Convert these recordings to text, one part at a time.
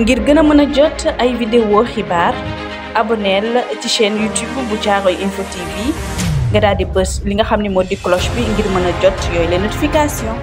ngir gën a mën a jot ay vidéo xibaar aboneel ci chaîne YouTube bu Caaroy info TV nga daal di bës li nga xam ne moo di cloche bi ngir mën a jot yooyu leen notification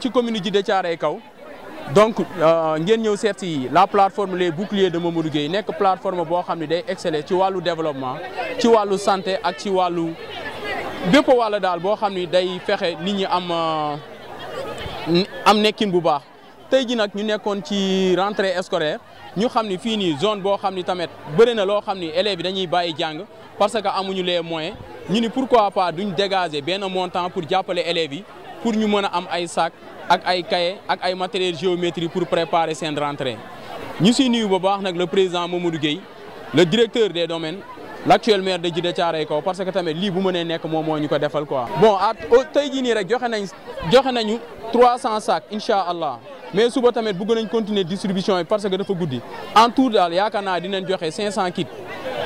ci commune Djiddah Thiaroye Kaw donc euh, ngeen ñëw seet si la plateforme les boucliers de Mamadou Gueye nek plateforme bo xamni day exceller ci walu développement ci walu santé ak ci walu bépp wala dal bo xamni day fexé nit ñi am euh, am nekkine bu baax tay ji nak ñu nekkon ci rentrée scolaire ñu xamni fi ni zone bo xamni tamet tamit na lo xamni élèves dañuy bayyi jang parce que amuñu les moyens ñu ni pourquoi pas duñ dégager ben montant pour jappalé élèves yi pour nous mën à am des sac des ay cahier ak ay matériel pour préparer cette rentrée Nous sommes nuyu bu baax avec le président Mamadou Gueye, le directeur des domaines l'actuel maire de Djiddah parce que tamit lii bu mënee nekk moom nous ñu ko quoi. bon à tey jii rek nañ 300 sacs Inch'Allah. mais suba tamit bëgg nañ continuer distribution parce que dafa guddi en tout 500 kits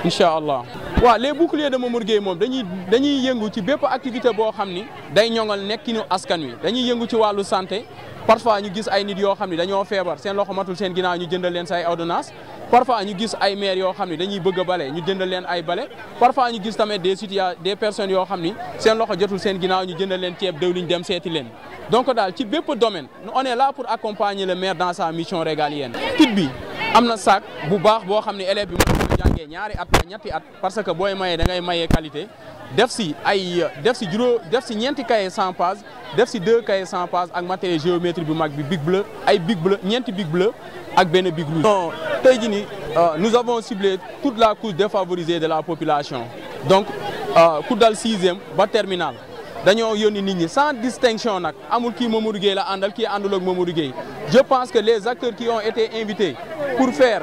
Inch'Allah wa les boucliers de Mamour Gueye moom dañuy dañuy yëngu ci bép activité bo xamni ni day ñoŋal nekkinu askan wi dañuy yëngu ci walu santé parfois ñu gis ay nit yo xamni ne dañoo feebar seen loxo matul seen ginaaw ñu jëndal leen say ordonnance parfois ñu gis ay maire yo xamni dañuy bëgg balé ñu jëndal leen ay balé parfois ñu gis tamit des situa des personnes yo xamni seen loxo jotul seen ginaaw ñu jëndal leen ceeb dëwliñ dem séti leen donc dal ci bép domaine on est là pour accompagner le maire dans sa mission régalienne. tout bi amna na sac bu baax bo xamni élève bi jàngee ñaari at ñetti at parce que boy mayee da ngay mayee qualité def ci ay def ci juro def ci ñenti cahier 100 pages def ci deux cahier 100 pages ak matériel géométrie bu mag bi big bleu ay big bleu ñenti big bleu ak benn big rouge. non tay ji ni euh, nous avons ciblé toute la couche défavorisée de la population donc coudal euh, dal sixième ba terminal dañoo Yoni nit ñi sans distinction nak amul ki Mamadou Gueye la Andal ki àndul ak Mamadou Gueye je pense que les acteurs qui ont été invités pour faire.